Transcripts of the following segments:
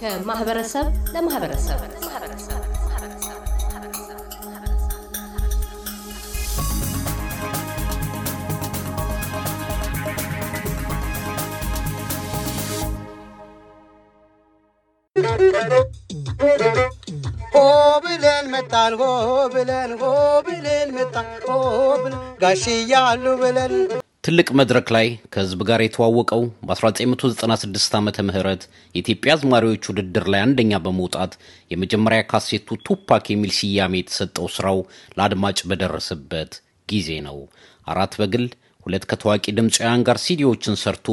ከማህበረሰብ ለማህበረሰብ መጣን ሆ ብለን ሆ ብለን መጣን ሆ ብለን ጋሽ እያሉ ብለን ትልቅ መድረክ ላይ ከህዝብ ጋር የተዋወቀው በ1996 ዓመተ ምህረት የኢትዮጵያ አዝማሪዎች ውድድር ላይ አንደኛ በመውጣት የመጀመሪያ ካሴቱ ቱፓክ የሚል ስያሜ የተሰጠው ስራው ለአድማጭ በደረሰበት ጊዜ ነው። አራት በግል ሁለት ከታዋቂ ድምፃውያን ጋር ሲዲዎችን ሰርቶ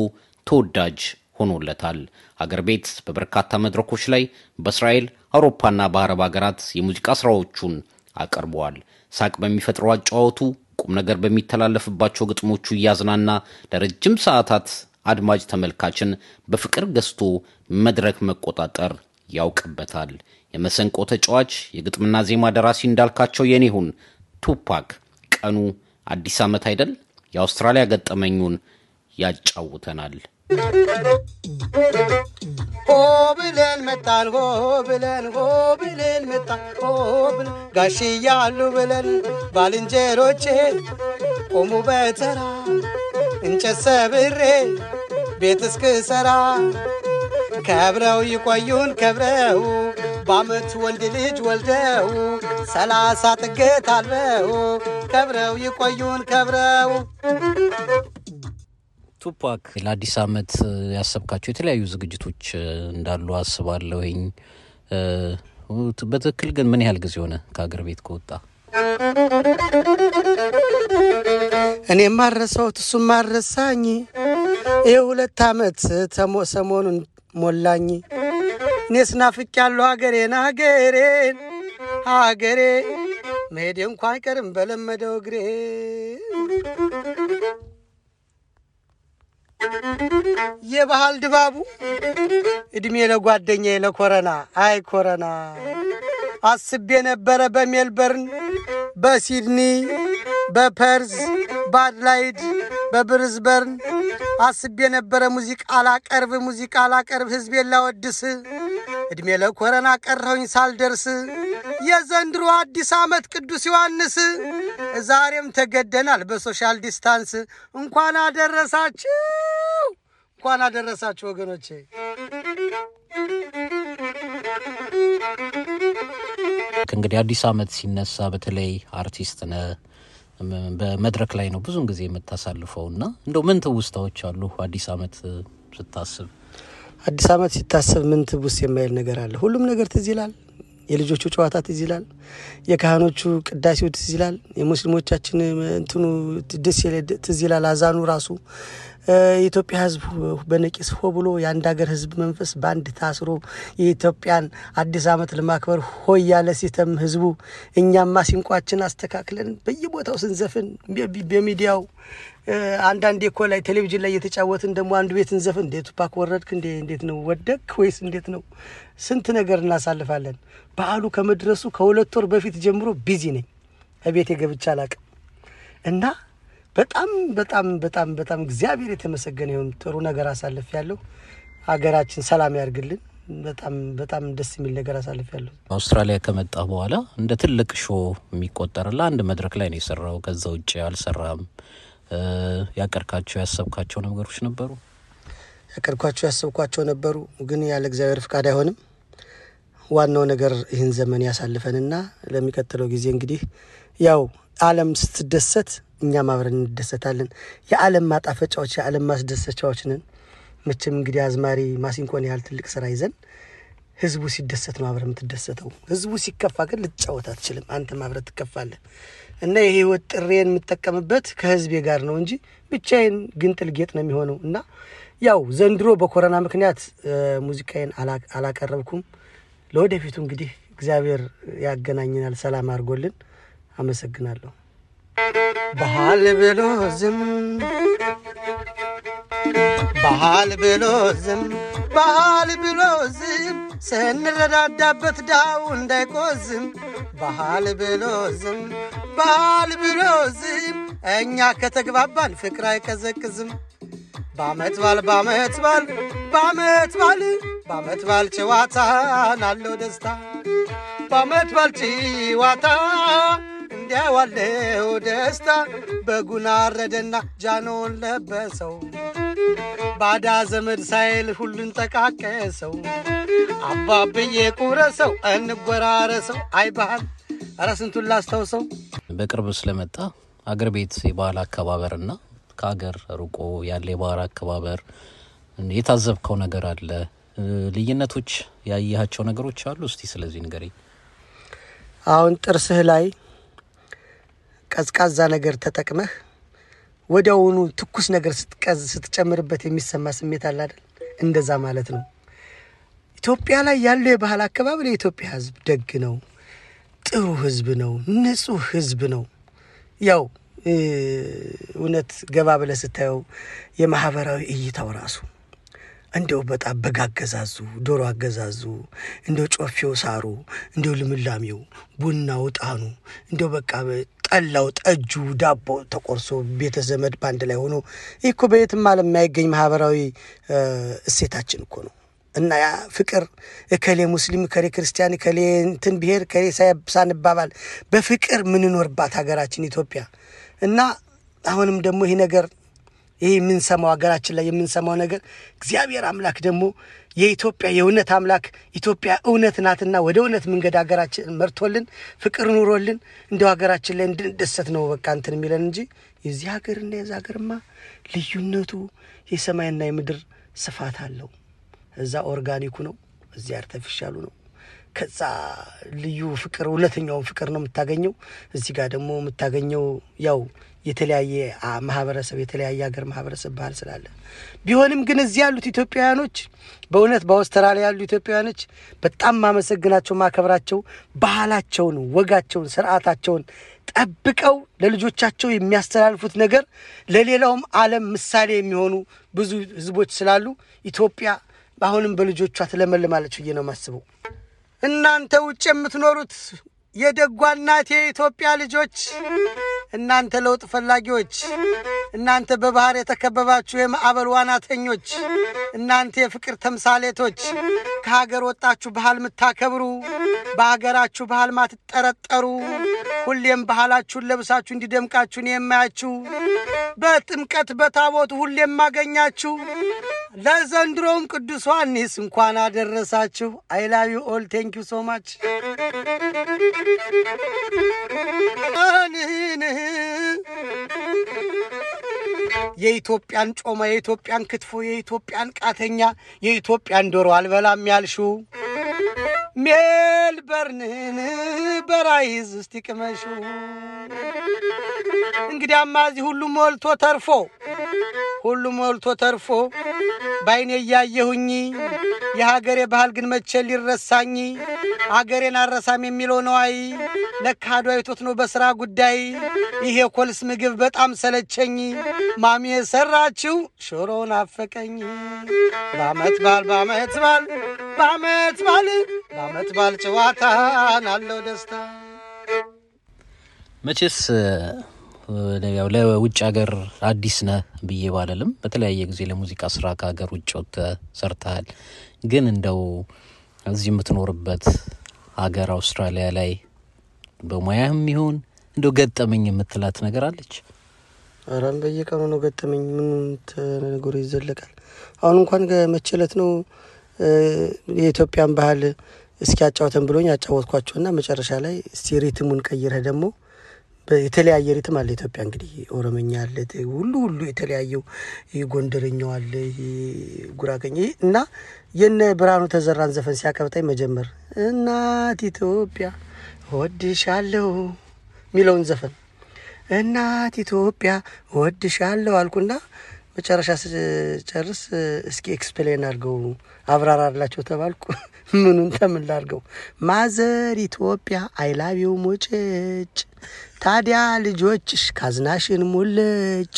ተወዳጅ ሆኖለታል። አገር ቤት በበርካታ መድረኮች ላይ በእስራኤል አውሮፓና በአረብ ሀገራት የሙዚቃ ስራዎቹን አቅርበዋል። ሳቅ በሚፈጥረው አጫዋወቱ ቁም ነገር በሚተላለፍባቸው ግጥሞቹ እያዝናና ለረጅም ሰዓታት አድማጭ ተመልካችን በፍቅር ገዝቶ መድረክ መቆጣጠር ያውቅበታል። የመሰንቆ ተጫዋች የግጥምና ዜማ ደራሲ እንዳልካቸው የኔሁን ቱፓክ ቀኑ አዲስ ዓመት አይደል? የአውስትራሊያ ገጠመኙን ያጫውተናል። ሆ ብለን መጣን ሆ ብለን ሆ ብለን መጣን ሆ ብለን ጋሽ እያሉ ብለን ባልንጀሮቼ ቆሙ በተራ እንጨት ሰብሬ ቤት እስክሰራ ከብረው ይቆዩን ከብረው በአመት ወልድ ልጅ ወልደው ሰላሳ ጥገት አልበው ከብረው ይቆዩን ከብረው ቱፓክ ለአዲስ ዓመት ያሰብካቸው የተለያዩ ዝግጅቶች እንዳሉ አስባለሁኝ። በትክክል ግን ምን ያህል ጊዜ ሆነ ከሀገር ቤት ከወጣ? እኔ ማረሳውት እሱም ማረሳኝ የሁለት ዓመት ሰሞኑን ሞላኝ። እኔ ስናፍቅ ያለሁ ሀገሬን ሀገሬን ሀገሬ መሄዴ እንኳን አይቀርም በለመደው እግሬ የባህል ድባቡ እድሜ ለጓደኛ ለኮረና አይ ኮረና አስቤ የነበረ በሜልበርን በሲድኒ በፐርዝ በአድላይድ በብርዝበርን አስቤ የነበረ ሙዚቃ አላቀርብ ሙዚቃ አላቀርብ ህዝቤን ላወድስ እድሜ ለኮረና ቀረውኝ ሳልደርስ የዘንድሮ አዲስ ዓመት ቅዱስ ዮሐንስ ዛሬም ተገደናል በሶሻል ዲስታንስ። እንኳን አደረሳችሁ፣ እንኳን አደረሳችሁ ወገኖቼ። ከእንግዲህ አዲስ ዓመት ሲነሳ በተለይ አርቲስት ነ በመድረክ ላይ ነው ብዙን ጊዜ የምታሳልፈው እና እንደው ምን ትውስታዎች አሉ አዲስ ዓመት ስታስብ? አዲስ ዓመት ሲታሰብ ምን ትቡስ የማይል ነገር አለ? ሁሉም ነገር ትዝ ይላል። የልጆቹ ጨዋታ ትዝ ይላል። የካህኖቹ ቅዳሴው ትዝ ይላል። የሙስሊሞቻችን እንትኑ ደስ ትዝ ይላል። አዛኑ ራሱ የኢትዮጵያ ህዝብ በነቂስ ሆ ብሎ የአንድ ሀገር ህዝብ መንፈስ በአንድ ታስሮ የኢትዮጵያን አዲስ ዓመት ለማክበር ሆ እያለ ሲተም ህዝቡ እኛማ ሲንቋችን አስተካክለን በየቦታው ስንዘፍን በሚዲያው አንዳንድ እኮ ላይ ቴሌቪዥን ላይ እየተጫወትን ደግሞ አንዱ ቤት እንዘፍን እንዴ ቱፓክ ወረድክ እንዴ እንዴት ነው ወደክ ወይስ እንዴት ነው? ስንት ነገር እናሳልፋለን። በዓሉ ከመድረሱ ከሁለት ወር በፊት ጀምሮ ቢዚ ነኝ። ከቤቴ ገብቻ አላቅም እና በጣም በጣም በጣም በጣም እግዚአብሔር የተመሰገነ ይሁን። ጥሩ ነገር አሳልፍ ያለው ሀገራችን ሰላም ያርግልን። በጣም በጣም ደስ የሚል ነገር አሳልፍ ያለሁ። አውስትራሊያ ከመጣ በኋላ እንደ ትልቅ ሾ የሚቆጠርላ አንድ መድረክ ላይ ነው የሰራው። ከዛ ውጭ አልሰራም። ያቀድካቸው ያሰብካቸው ነገሮች ነበሩ? ያቀድኳቸው ያሰብኳቸው ነበሩ፣ ግን ያለ እግዚአብሔር ፍቃድ አይሆንም። ዋናው ነገር ይህን ዘመን ያሳልፈንና ለሚቀጥለው ጊዜ እንግዲህ ያው ዓለም ስትደሰት እኛም አብረን እንደሰታለን። የዓለም ማጣፈጫዎች፣ የዓለም ማስደሰቻዎች ነን። መቼም እንግዲህ አዝማሪ ማሲንቆን ያህል ትልቅ ስራ ይዘን ህዝቡ ሲደሰት ነው አብረ የምትደሰተው። ህዝቡ ሲከፋ ግን ልትጫወት አትችልም። አንተም አብረን ትከፋለህ። እና የህይወት ህይወት ጥሬን የምጠቀምበት ከህዝቤ ጋር ነው እንጂ ብቻዬን ግንጥል ጌጥ ነው የሚሆነው። እና ያው ዘንድሮ በኮረና ምክንያት ሙዚቃዬን አላቀረብኩም። ለወደፊቱ እንግዲህ እግዚአብሔር ያገናኘናል ሰላም አድርጎልን አመሰግናለሁ። ባህል ብሎ ዝም ባህል ብሎ ዝም ባህል ብሎ ዝም ስንረዳዳበት ዳው እንዳይቆዝም ባህል ብሎ ዝም ባህል ብሎ ዝም እኛ ከተግባባን ፍቅር አይቀዘቅዝም። በአመት ባል በአመት ባል በአመት ባል በአመት ባል ጨዋታ ናለው ደስታ በአመት ባል ጭዋታ ወዲያ ደስታ በጉና አረደና ጃኖን ለበሰው ባዳ ዘመድ ሳይል ሁሉን ጠቃቀሰው አባብዬ ቁረሰው እንጎራረሰው አይ ባህል ኧረ ስንቱን በቅርብ ስለመጣ አገር ቤት የባህል አከባበር እና ከአገር ርቆ ያለ የባህል አከባበር የታዘብከው ነገር አለ? ልዩነቶች ያየሃቸው ነገሮች አሉ? እስቲ ስለዚህ ንገረኝ። አሁን ጥርስህ ላይ ቀዝቃዛ ነገር ተጠቅመህ ወዲያውኑ ትኩስ ነገር ስትቀዝ ስትጨምርበት የሚሰማ ስሜት አለ አይደል? እንደዛ ማለት ነው። ኢትዮጵያ ላይ ያለው የባህል አከባበር የኢትዮጵያ ሕዝብ ደግ ነው፣ ጥሩ ሕዝብ ነው፣ ንጹህ ሕዝብ ነው። ያው እውነት ገባ ብለህ ስታየው የማህበራዊ እይታው ራሱ እንደው በጣም በግ አገዛዙ፣ ዶሮ አገዛዙ፣ እንደው ጮፌው ሳሩ፣ እንደው ልምላሜው፣ ቡናው፣ ጣኑ እንደው በቃ ጠላው፣ ጠጁ፣ ዳቦ ተቆርሶ ቤተዘመድ በአንድ ላይ ሆኖ ይህ እኮ በየትም ዓለም የማይገኝ ማህበራዊ እሴታችን እኮ ነው። እና ያ ፍቅር እከሌ ሙስሊም እከሌ ክርስቲያን እከሌ እንትን ብሔር እከሌ ሳንባባል በፍቅር ምንኖርባት ሀገራችን ኢትዮጵያ እና አሁንም ደግሞ ይህ ነገር ይህ የምንሰማው ሀገራችን ላይ የምንሰማው ነገር እግዚአብሔር አምላክ ደግሞ የኢትዮጵያ የእውነት አምላክ ኢትዮጵያ እውነት ናትና ወደ እውነት መንገድ ሀገራችን መርቶልን ፍቅር ኑሮልን እንደው ሀገራችን ላይ እንድንደሰት ነው በቃ እንትን የሚለን እንጂ የዚህ ሀገርና የዚ ሀገርማ ልዩነቱ የሰማይና የምድር ስፋት አለው። እዛ ኦርጋኒኩ ነው፣ እዚህ አርተፊሻሉ ነው። ከዛ ልዩ ፍቅር ሁለተኛውን ፍቅር ነው የምታገኘው። እዚህ ጋር ደግሞ የምታገኘው ያው የተለያየ ማህበረሰብ የተለያየ ሀገር ማህበረሰብ ባህል ስላለ ቢሆንም ግን እዚህ ያሉት ኢትዮጵያውያኖች በእውነት በአውስትራሊያ ያሉ ኢትዮጵያውያኖች በጣም ማመሰግናቸው ማከብራቸው ባህላቸውን፣ ወጋቸውን፣ ስርዓታቸውን ጠብቀው ለልጆቻቸው የሚያስተላልፉት ነገር ለሌላውም ዓለም ምሳሌ የሚሆኑ ብዙ ህዝቦች ስላሉ ኢትዮጵያ አሁንም በልጆቿ ትለመልማለች ብዬ ነው የማስበው። እናንተ ውጭ የምትኖሩት የደጓ እናት የኢትዮጵያ ልጆች፣ እናንተ ለውጥ ፈላጊዎች፣ እናንተ በባህር የተከበባችሁ የማዕበል ዋናተኞች፣ እናንተ የፍቅር ተምሳሌቶች፣ ከሀገር ወጣችሁ ባህል የምታከብሩ፣ በሀገራችሁ ባህል ማትጠረጠሩ፣ ሁሌም ባህላችሁን ለብሳችሁ እንዲደምቃችሁን የማያችሁ፣ በጥምቀት በታቦት ሁሌም ማገኛችሁ ለዘንድሮውም ቅዱሷን ኒስ እንኳን አደረሳችሁ። አይ ላቭ ዩ ኦል ቴንክ ዩ ሶ ማች። የኢትዮጵያን ጮማ፣ የኢትዮጵያን ክትፎ፣ የኢትዮጵያን ቃተኛ፣ የኢትዮጵያን ዶሮ አልበላም ያልሽው ሜልበርንን በራይዝ ውስጥ ይቅመሹ እንግዲያማ እዚህ ሁሉ ሞልቶ ተርፎ ሁሉ ሞልቶ ተርፎ ባይኔ እያየሁኝ የሀገሬ ባህል ግን መቼ ሊረሳኝ አገሬን አረሳም የሚለው ነዋይ ለካዶ አይቶት ነው በስራ ጉዳይ ይሄ ኮልስ ምግብ በጣም ሰለቸኝ ማሚ የሰራችው ሽሮን አፈቀኝ በአመት ባል በአመት ባል በአመት ባል በአመት ባል ጨዋታ ናለው ደስታ መቼስ ለውጭ ሀገር አዲስ ነ ብዬ ባለልም በተለያየ ጊዜ ለሙዚቃ ስራ ከሀገር ውጭ ወጥተ ሰርተሃል። ግን እንደው እዚህ የምትኖርበት ሀገር አውስትራሊያ ላይ በሙያህም ይሁን እንደው ገጠመኝ የምትላት ነገር አለች? አራል በየቀኑ ነው ገጠመኝ። ምን ተነግሮ ይዘለቃል። አሁን እንኳን መቸለት ነው የኢትዮጵያን ባህል እስኪ አጫወተን ብሎኝ አጫወትኳቸውና መጨረሻ ላይ እስቲ ሪትሙን ቀይረህ ደግሞ የተለያየ ሪትም አለ ኢትዮጵያ። እንግዲህ ኦሮመኛ አለ ሁሉ ሁሉ የተለያየው ጎንደረኛው አለ ጉራገኝ እና የነ ብርሃኑ ተዘራን ዘፈን ሲያቀብጣኝ መጀመር እናት ኢትዮጵያ ወድሻለሁ የሚለውን ዘፈን እናት ኢትዮጵያ ወድሻለሁ አልኩና መጨረሻ ስጨርስ እስኪ ኤክስፕሌን አድርገው አብራራላቸው ተባልኩ። ምኑን ተምን ላድርገው? ማዘር ኢትዮጵያ አይላቢው ሙጭጭ፣ ታዲያ ልጆችሽ ካዝናሽን ሙልጭ።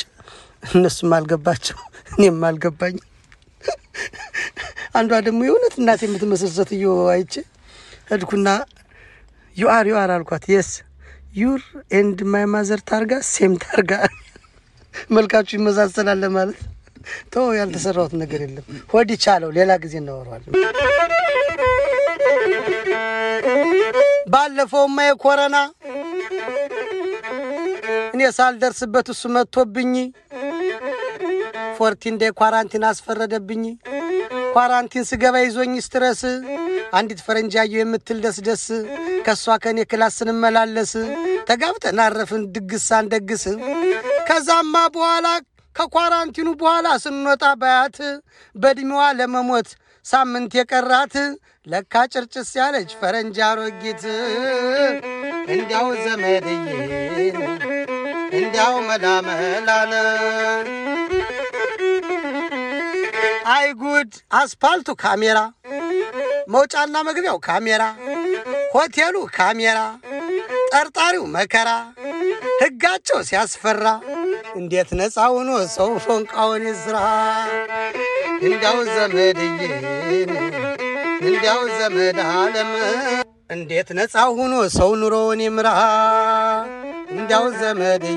እነሱም አልገባቸው፣ እኔም አልገባኝ። አንዷ ደግሞ የእውነት እናት የምትመስል ሴትዮ አይቼ እድኩና ዩአር ዩአር አልኳት። የስ ዩር ኤንድ ማይ ማዘር ታርጋ ሴም ታርጋ መልካችሁ ይመሳሰላል ማለት ተው፣ ያልተሰራሁት ነገር የለም። ሆድ ቻለው ሌላ ጊዜ እናወራዋለን። ባለፈውማ የኮረና እኔ ሳልደርስበት እሱ መጥቶብኝ ፎርቲን ዴይ ኳራንቲን አስፈረደብኝ። ኳራንቲን ስገባ ይዞኝ ስትረስ አንዲት ፈረንጃየ የምትል ደስደስ ከእሷ ከእኔ ክላስ ስንመላለስ ተጋብተን አረፍን ድግስ ሳንደግስ ከዛማ በኋላ ከኳራንቲኑ በኋላ ስንወጣ ባያት በእድሜዋ ለመሞት ሳምንት የቀራት ለካ ጭርጭስ ያለች ፈረንጅ አሮጊት እንዲያው ዘመድይ እንዲያው መላመላነ አይጉድ አስፓልቱ ካሜራ፣ መውጫና መግቢያው ካሜራ፣ ሆቴሉ ካሜራ፣ ጠርጣሪው መከራ ህጋቸው ሲያስፈራ እንዴት ነፃ ሆኖ ሰው ፎንቃውን ይስራ። እንዲያው ዘመድዬ እንዲያው ዘመድ አለም እንዴት ነፃ ሆኖ ሰው ኑሮውን ይምራ። እንዲያው ዘመድዬ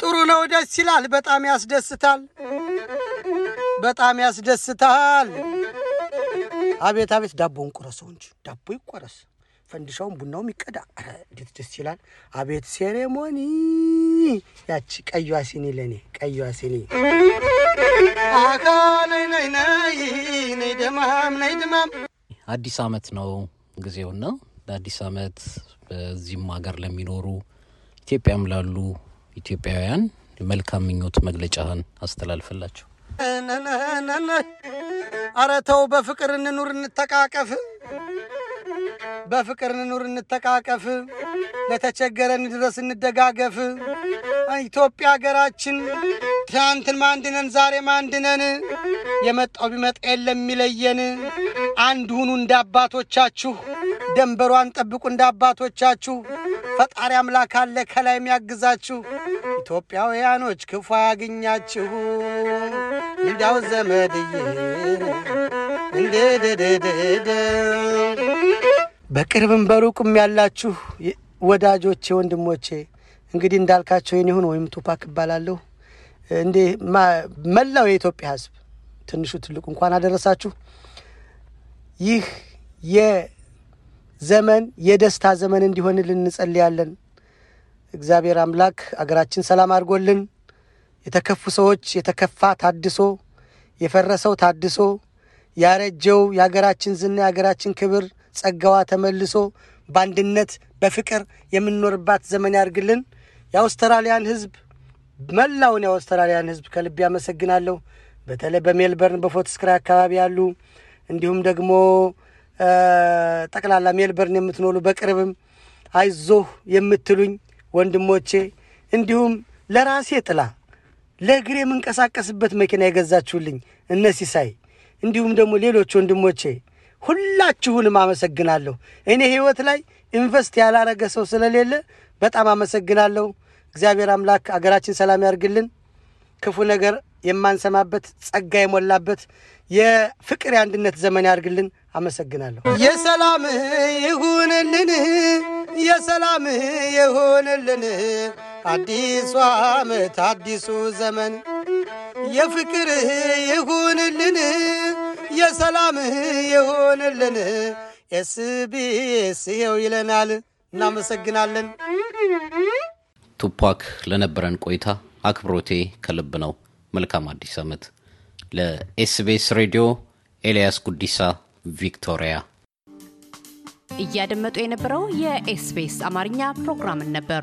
ጥሩ ነው፣ ደስ ይላል፣ በጣም ያስደስታል፣ በጣም ያስደስታል። አቤት አቤት፣ ዳቦን ቆረሰው እንጂ ዳቦ ይቆረስ። ፈንድሻውን ቡናውም ይቀዳ። እንዴት ደስ ይላል! አቤት ሴሬሞኒ! ያቺ ቀዩዋ ሲኒ ለእኔ ቀዩዋ ሲኒ አካ ነይ ነይ ነይ ደማም ነይ ደማም። አዲስ አመት ነው ጊዜውና ለአዲስ አመት በዚህም ሀገር ለሚኖሩ ኢትዮጵያም ላሉ ኢትዮጵያውያን መልካም ምኞት መግለጫህን አስተላልፈላቸው። አረተው በፍቅር እንኑር፣ እንተቃቀፍ በፍቅር ንኑር እንተቃቀፍ፣ ለተቸገረ እንድረስ፣ እንደጋገፍ። ኢትዮጵያ ሀገራችን ትናንትን ማንድነን፣ ዛሬ ማንድነን፣ የመጣው ቢመጣ የለም የሚለየን። አንድ ሁኑ እንደ አባቶቻችሁ፣ ደንበሯን ጠብቁ እንደ አባቶቻችሁ። ፈጣሪ አምላክ አለ ከላይ የሚያግዛችሁ። ኢትዮጵያውያኖች ክፉ አያግኛችሁ። እንዳው ዘመድዬ እንዴ በቅርብም በሩቅም ያላችሁ ወዳጆቼ፣ ወንድሞቼ እንግዲህ እንዳልካቸው የኔ ሁን ወይም ቱፓክ እባላለሁ። እንዴ መላው የኢትዮጵያ ሕዝብ ትንሹ ትልቁ እንኳን አደረሳችሁ። ይህ የዘመን የደስታ ዘመን እንዲሆንልን እንጸልያለን። እግዚአብሔር አምላክ አገራችን ሰላም አድርጎልን የተከፉ ሰዎች የተከፋ ታድሶ የፈረሰው ታድሶ ያረጀው የሀገራችን ዝና የሀገራችን ክብር ጸጋዋ ተመልሶ በአንድነት በፍቅር የምንኖርባት ዘመን ያድርግልን። የአውስትራሊያን ህዝብ መላውን የአውስትራሊያን ህዝብ ከልቤ አመሰግናለሁ በተለይ በሜልበርን በፎትስክራ አካባቢ ያሉ እንዲሁም ደግሞ ጠቅላላ ሜልበርን የምትኖሩ በቅርብም አይዞህ የምትሉኝ ወንድሞቼ እንዲሁም ለራሴ ጥላ ለእግር የምንቀሳቀስበት መኪና የገዛችሁልኝ እነ ሲሳይ እንዲሁም ደግሞ ሌሎች ወንድሞቼ ሁላችሁንም አመሰግናለሁ። እኔ ህይወት ላይ ኢንቨስት ያላረገ ሰው ስለሌለ በጣም አመሰግናለሁ። እግዚአብሔር አምላክ አገራችን ሰላም ያርግልን፣ ክፉ ነገር የማንሰማበት ጸጋ የሞላበት የፍቅር የአንድነት ዘመን ያርግልን። አመሰግናለሁ። የሰላም ይሁንልን፣ የሰላም ይሁንልን። አዲሱ ዓመት አዲሱ ዘመን የፍቅር ይሁንልን የሰላም ይሁንልን። ኤስቢኤስ ይኸው ይለናል። እናመሰግናለን። ቱፓክ ለነበረን ቆይታ አክብሮቴ ከልብ ነው። መልካም አዲስ ዓመት። ለኤስቢኤስ ሬዲዮ ኤልያስ ጉዲሳ ቪክቶሪያ። እያደመጡ የነበረው የኤስቢኤስ አማርኛ ፕሮግራምን ነበር።